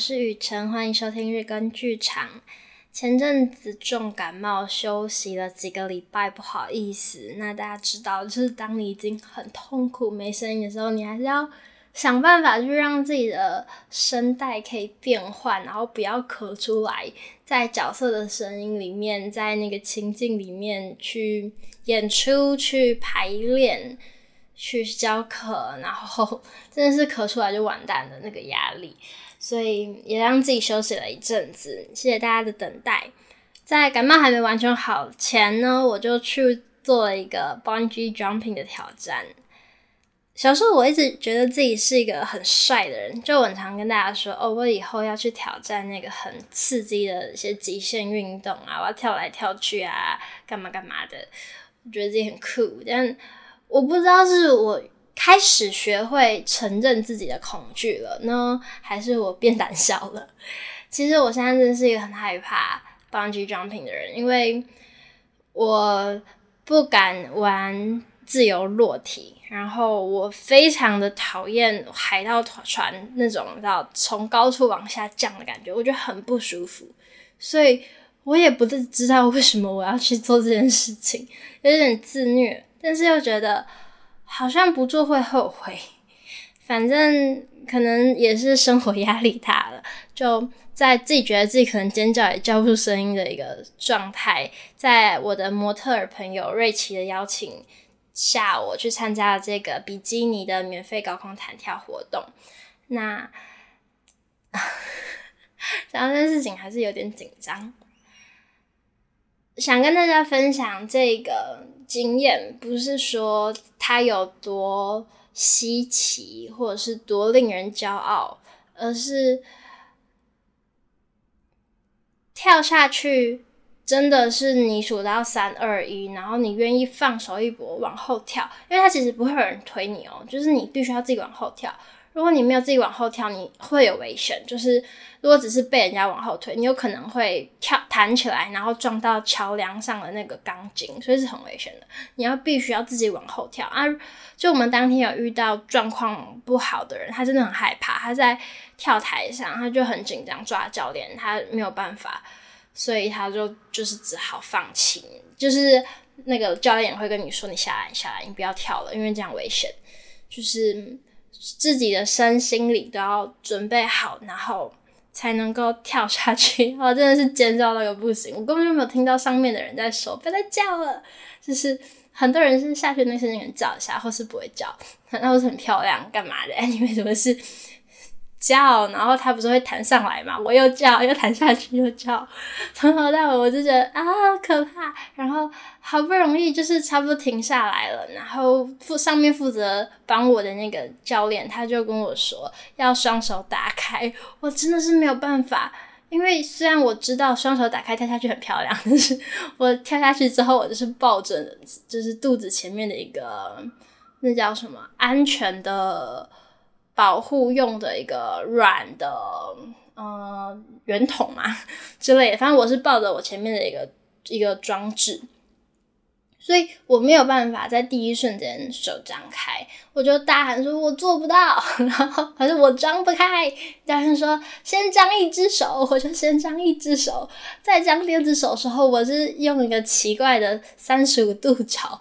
我是雨晨，歡迎收聽日更劇場。前陣子重感冒休息了幾個禮拜，不好意思。那大家知道，就是當你已經很痛苦、沒聲音的時候，你還是要想辦法去讓自己的聲帶可以變換，然後不要咳出來，在角色的聲音裡面，在那個情境裡面去演出、去排練。去教課，然後真的是咳出來就完蛋的那個壓力，所以也讓自己休息了一陣子。謝謝大家的等待，在感冒還沒完全好前呢，我就去做了一個 bungee jumping 的挑戰。小時候我一直覺得自己是一個很帥的人，就我很常跟大家說：“哦，我以後要去挑戰那個很刺激的一些極限運動啊，我要跳來跳去啊，幹嘛幹嘛的。”我覺得自己很酷，但。我不知道是我開始學會承認自己的恐懼了呢，還是我變膽小了。其實我現在真是一個很害怕蹦極 jumpin 的人，因為我不敢玩自由落體，然後我非常的討厭海盜船那種你知道從高處往下降的感覺，我覺得很不舒服。所以我也不知道為什麼我要去做這件事情，有點自虐。但是又覺得好像不做會後悔，反正可能也是生活壓力大了，就在自己覺得自己可能尖叫也叫不出聲音的一個狀態，在我的模特兒朋友瑞奇的邀請下，我去參加了這個比基尼的免費高空彈跳活動。那，想到這 件事情還是有點緊張。想跟大家分享這個經驗，不是說它有多稀奇或者是多令人驕傲，而是跳下去真的是你數到三二一，然後你願意放手一搏往後跳，因為它其實不會有人推你哦、喔，就是你必須要自己往後跳。如果你沒有自己往後跳，你會有危險。就是如果只是被人家往後推，你有可能會跳彈起來，然後撞到橋樑上的那個鋼筋，所以是很危險的。你要必須要自己往後跳啊！就我們當天有遇到狀況不好的人，他真的很害怕，他在跳台上，他就很緊張，抓教練，他沒有辦法，所以他就就是只好放棄。就是那個教練也會跟你說：“你下來，你下來，你不要跳了，因為這樣危險。”就是。自己的身心裡都要準備好，然後才能夠跳下去。我、啊、真的是尖叫到個不行，我根本就沒有聽到上面的人在說“別再叫了”，就是很多人是下去那些人叫一下，或是不會叫，那、啊、會是很漂亮幹嘛的？你、啊、為什麼是？叫，然後他不是會彈上來嘛？我又叫，又彈下去，又叫，從頭到尾我就覺得啊，可怕。然後好不容易就是差不多停下來了，然後負上面負責幫我的那個教練他就跟我說要雙手打開，我真的是沒有辦法，因為雖然我知道雙手打開跳下去很漂亮，但是我跳下去之後我就是抱着，就是肚子前面的一個那叫什麼安全的。保護用的一個軟的，嗯、呃，圓筒嘛、之類的，反正我是抱着我前面的一個一個裝置，所以我沒有辦法在第一瞬間手張開，我就大喊說我做不到，然後還是我張不開。教練說先張一隻手，我就先張一隻手，再張第二隻手的時候，我是用一個奇怪的三十五度角。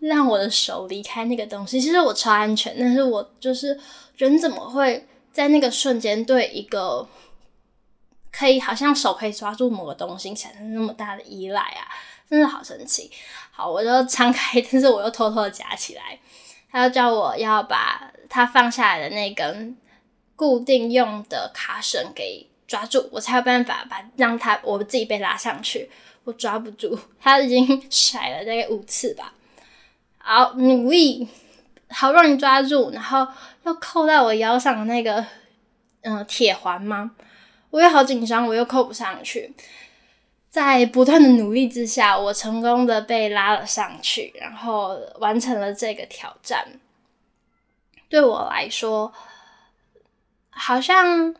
讓我的手離開那個東西，其實我超安全，但是我就是人怎麼會在那個瞬間對一個可以好像手可以抓住某個東西產生那麼大的依賴啊？真的好神奇。好，我就敞開，但是我又偷偷的夾起來。他要叫我要把他放下來的那根固定用的卡繩給抓住，我才有辦法把讓他我自己被拉上去。我抓不住，他已經甩了大概五次吧。好努力，好不容易抓住，然後要扣在我腰上的那個，嗯、呃，鐵環嗎？我又好緊張，我又扣不上去。在不斷的努力之下，我成功的被拉了上去，然後完成了這個挑戰。對我來說，好像。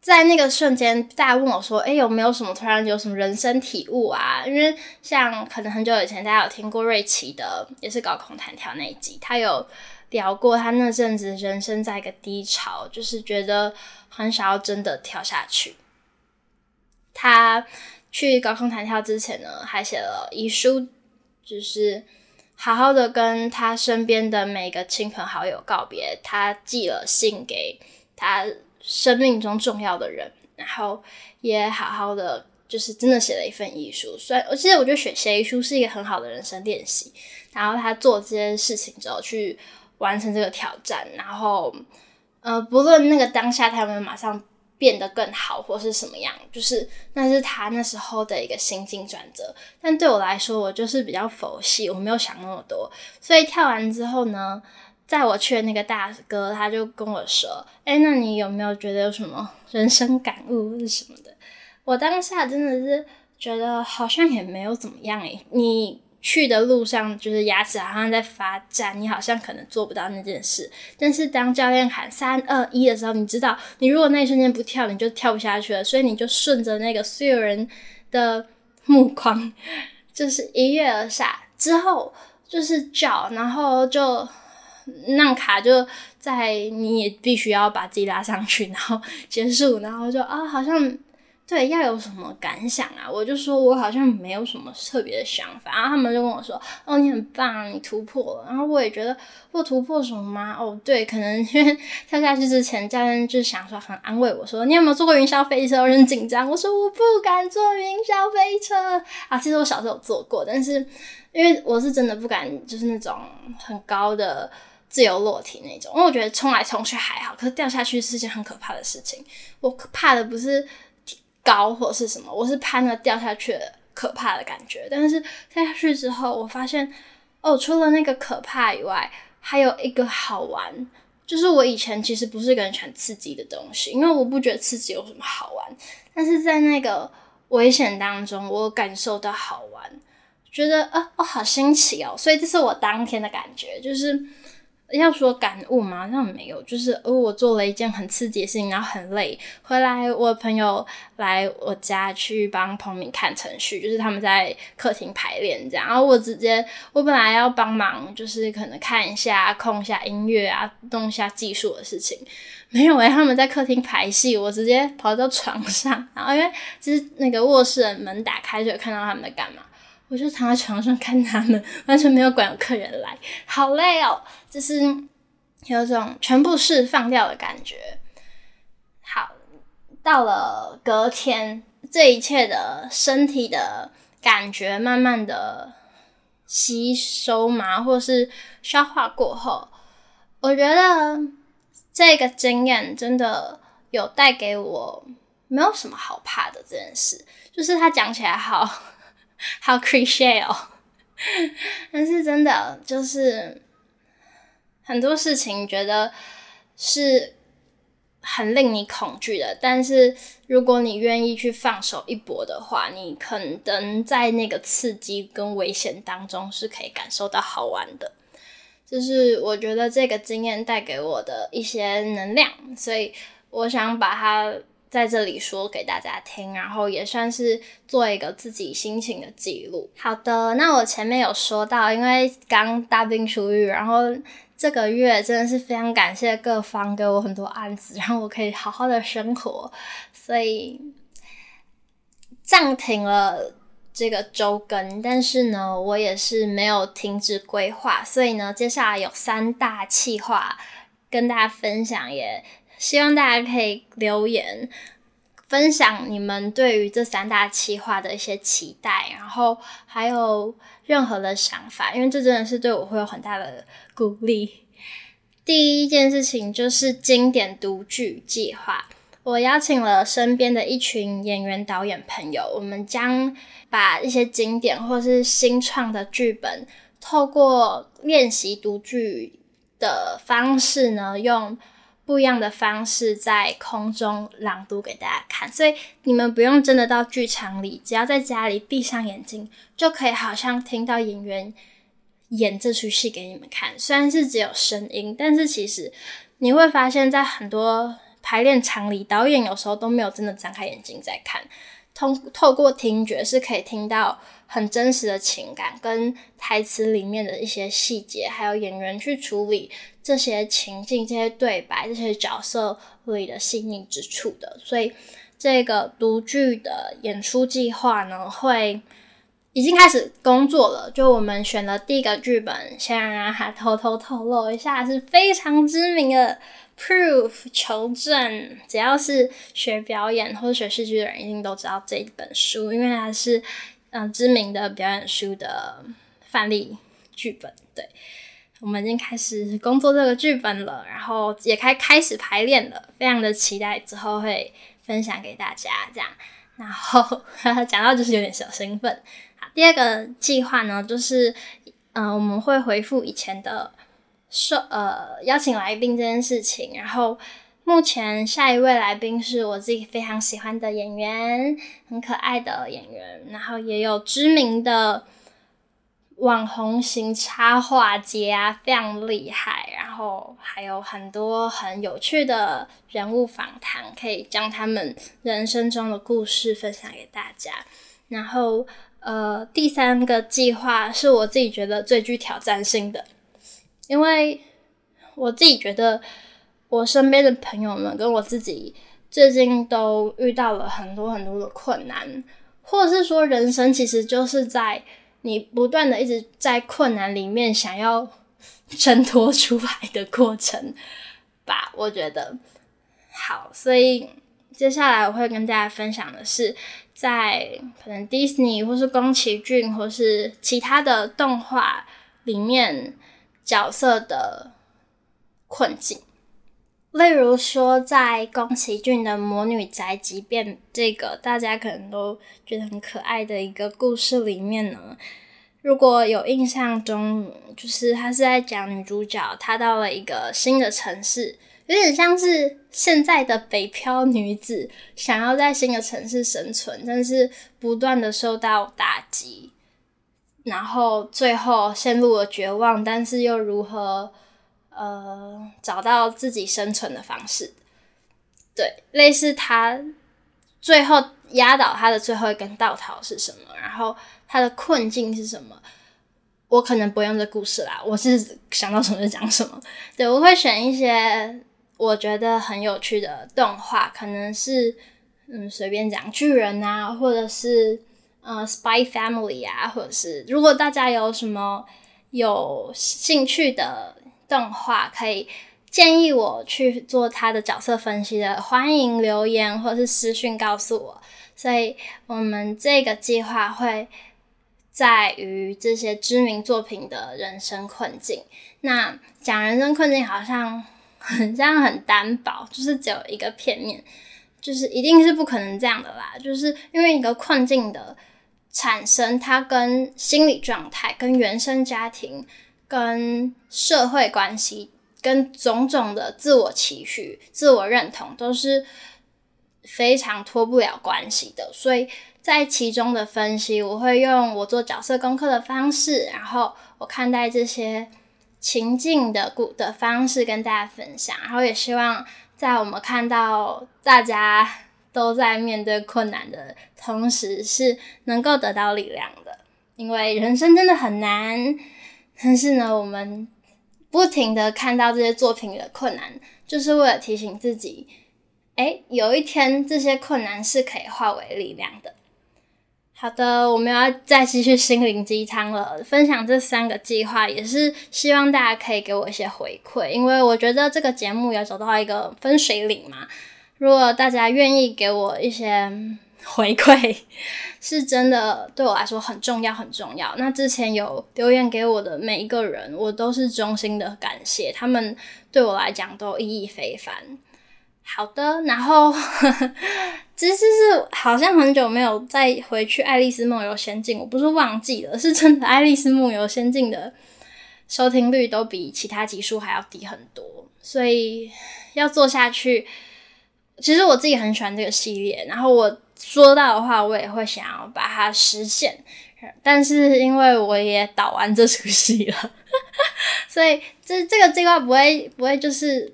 在那個瞬間，大家問我說：“誒、欸，有沒有什麼突然有什麼人生體悟啊？”因為像可能很久以前，大家有聽過瑞奇的，也是高空彈跳那一集，他有聊過他那陣子人生在一個低潮，就是覺得很想要真的跳下去。他去高空彈跳之前呢，還寫了遺書，就是好好的跟他身邊的每個親朋好友告別。他寄了信給他。生命中重要的人，然後也好好的，就是真的寫了一份遺書。雖然，其實我覺得寫遺書是一個很好的人生練習。然後他做這件事情之後，去完成這個挑戰，然後，呃，不論那個當下他有沒有馬上變得更好或是什麼樣，就是那是他那時候的一個心境轉折。但對我來說，我就是比較佛系，我沒有想那麼多。所以跳完之後呢，在我去的那個大哥，他就跟我說：“哎、欸，那你有沒有覺得有什麼人生感悟是什麼的？”我當下真的是覺得好像也沒有怎麼樣、欸。哎，你去的路上就是牙齒好像在發展，你好像可能做不到那件事。但是當教練喊三二一的時候，你知道，你如果那一瞬間不跳，你就跳不下去了。所以你就順着那個所有人的目光，就是一躍而下之後，就是腳，然後就。那卡就在，你也必須要把自己拉上去，然後結束，然後就啊、哦，好像對要有什麼感想啊？我就說我好像沒有什麼特別的想法，然後他們就跟我說，哦，你很棒，你突破了。然後我也覺得我突破什麼嗎？哦，對，可能因為跳下去之前，教練就想說很安慰我說，你有沒有坐過雲霄飛車？有人緊張，我說我不敢坐雲霄飛車啊。其實我小時候坐過，但是因為我是真的不敢，就是那種很高的。自由落體那種，因為我覺得衝來衝去還好，可是掉下去是一件很可怕的事情。我怕的不是高或者是什麼，我是怕那個掉下去的可怕的感覺。但是掉下去之後，我發現哦，除了那個可怕以外，還有一個好玩，就是我以前其實不是一個人喜歡刺激的東西，因為我不覺得刺激有什麼好玩。但是在那個危險當中，我感受到好玩，覺得啊，我、哦哦、好新奇哦。所以這是我當天的感覺，就是。要說感悟嗎？好像沒有，就是、哦、我做了一件很刺激的事情，然後很累。回來，我的朋友來我家去幫彭明看程序，就是他們在客廳排練這樣。然後我直接，我本來要幫忙，就是可能看一下、控一下音樂啊、弄一下技術的事情，沒有、欸。誒，他們在客廳排戲，我直接跑到床上，然後因為就是那個臥室的門打開，就有看到他們在幹嘛。我就躺在床上看他們，完全沒有管有客人來，好累哦、喔，就是有種全部釋放掉的感覺。好，到了隔天，這一切的身體的感覺慢慢的吸收嘛，或者是消化過後，我覺得這個經驗真的有帶給我沒有什麼好怕的這件事，就是他講起來好。好 c r a s h 哦，但是真的就是很多事情覺得是很令你恐懼的，但是如果你願意去放手一搏的話，你可能在那個刺激跟危險當中是可以感受到好玩的。就是我覺得這個經驗帶給我的一些能量，所以我想把它，在這裡說給大家聽，然後也算是做一個自己心情的記錄。好的，那我前面有說到，因為剛大病初癒，然後這個月真的是非常感謝各方給我很多案子，然後我可以好好的生活，所以暫停了這個週更。但是呢，我也是沒有停止規劃，所以呢，接下來有三大計劃跟大家分享也。希望大家可以留言分享你們對於這三大企劃的一些期待，然後還有任何的想法，因為這真的是對我會有很大的鼓勵。第一件事情就是經典讀劇計劃，我邀請了身邊的一群演員、導演朋友，我們將把一些經典或是新創的劇本，透過練習讀劇的方式呢，用。不一樣的方式在空中朗讀給大家看，所以你們不用真的到劇場裡，只要在家裡閉上眼睛，就可以好像聽到演員演這出戲給你們看。雖然是只有聲音，但是其實你會發現在很多排練場裡，導演有時候都沒有真的張開眼睛在看，通透過聽覺是可以聽到很真實的情感跟台詞裡面的一些細節，還有演員去處理。這些情境、這些對白、這些角色裡的細膩之處的，所以這個讀劇的演出計劃呢，會已經開始工作了。就我們選了第一個劇本，先讓它偷偷透露一下，是非常知名的《Proof》求證。只要是學表演或者學戲劇的人，一定都知道這本書，因為它是嗯、呃、知名的表演書的範例劇本，對。我們已經開始工作這個劇本了，然後也開開始排練了，非常的期待之後會分享給大家這樣。然後呵呵講到就是有點小興奮。好，第二個計劃呢，就是呃我們會恢復以前的說呃邀請來賓這件事情。然後目前下一位來賓是我自己非常喜歡的演員，很可愛的演員，然後也有知名的。網紅型插畫家，啊，非常厲害，然後還有很多很有趣的人物訪談，可以將他們人生中的故事分享給大家。然後，呃，第三個計劃是我自己覺得最具挑戰性的，因為我自己覺得我身邊的朋友們跟我自己最近都遇到了很多很多的困難，或者是說，人生其實就是在。你不斷的一直在困難裡面想要掙脫出來的過程吧，我覺得。好，所以接下來我會跟大家分享的是，在可能迪士尼或是宮崎駿或是其他的動畫裡面角色的困境。例如說，在宮崎駿的《魔女宅急便》這個大家可能都覺得很可愛的一個故事裡面呢，如果有印象中，就是她是在講女主角她到了一個新的城市，有點像是現在的北漂女子想要在新的城市生存，但是不斷的受到打擊，然後最後陷入了絕望，但是又如何？呃、嗯，找到自己生存的方式，對，類似他最後壓倒他的最後一根稻草是什麼？然後他的困境是什麼？我可能不用這故事啦，我是想到什麼就講什麼。對，我會選一些我覺得很有趣的動畫，可能是嗯，隨便講巨人啊，或者是呃，Spy Family 呀，啊，或者是如果大家有什麼有興趣的。動畫可以建議我去做他的角色分析的，歡迎留言或是私訊告訴我。所以，我們這個計劃會在於這些知名作品的人生困境。那講人生困境好像很像很單薄，就是只有一個片面，就是一定是不可能這樣的啦。就是因為一個困境的產生，它跟心理狀態、跟原生家庭。跟社會關係、跟種種的自我期許，自我認同都是非常脫不了關係的。所以在其中的分析，我會用我做角色功課的方式，然後我看待這些情境的故的方式跟大家分享。然後也希望在我們看到大家都在面對困難的同時，是能夠得到力量的，因為人生真的很難。但是呢，我們不停地看到這些作品的困難，就是為了提醒自己，哎，有一天這些困難是可以化為力量的。好的，我們要再繼續心靈雞湯了，分享這三個計劃，也是希望大家可以給我一些回饋，因為我覺得這個節目要走到一個分水嶺嘛。如果大家願意給我一些，回饋是真的對我來說很重要，很重要。那之前有留言給我的每一個人，我都是衷心的感謝，他們對我來講都意義非凡。好的，然後，呵呵，其實是好像很久沒有再回去《愛麗絲夢遊仙境》，我不是忘記了，是真的。《愛麗絲夢遊仙境》的收聽率都比其他集數還要低很多，所以要做下去。其實我自己很喜歡這個系列，然後我。說到的話，我也會想要把它實現，但是因為我也導完這出戲了，哈哈，所以這這個計劃不會不會就是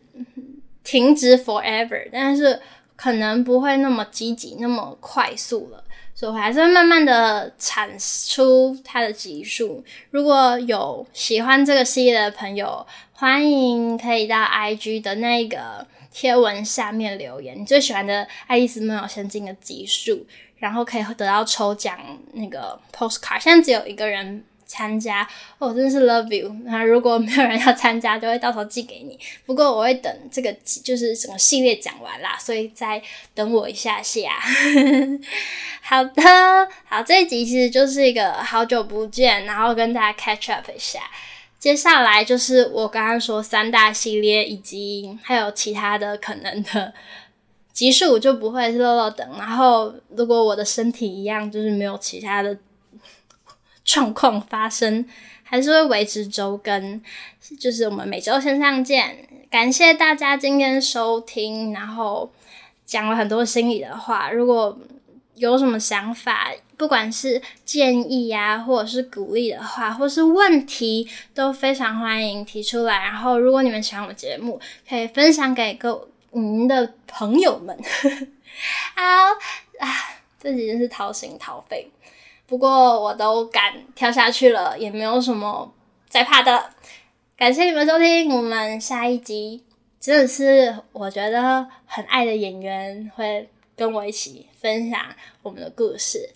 停止 forever，但是可能不會那麼積極那麼快速了，所以我還是會慢慢的產出它的集數。如果有喜歡這個系列的朋友，歡迎可以到 IG 的那個。貼文下面留言你最喜歡的《愛麗絲夢遊仙境》的集數，然後可以得到抽獎那個 postcard。現在只有一個人參加，哦，我真的是 love you。那如果沒有人要參加，就會到時候寄給你。不過我會等這個集就是整個系列講完啦，所以再等我一下下。 好的，好，這一集其實就是一個好久不見，然後跟大家 catch up 一下。接下來就是我剛剛說三大系列，以及還有其他的可能的集數，就不會是漏漏等。然後，如果我的身體一樣，就是沒有其他的狀況發生，還是會維持周更，就是我們每周線上見。感謝大家今天收聽，然後講了很多心裡的話。如果有什麼想法，不管是建議啊，或者是鼓勵的話，或是問題，都非常歡迎提出來。然後，如果你們喜歡我節目，可以分享給各您的朋友們。好 啊,啊，這簡直是掏心掏肺。不過，我都敢跳下去了，也沒有什麼在怕的。感謝你們收聽，我們下一集真的是我覺得很愛的演員會跟我一起分享我們的故事。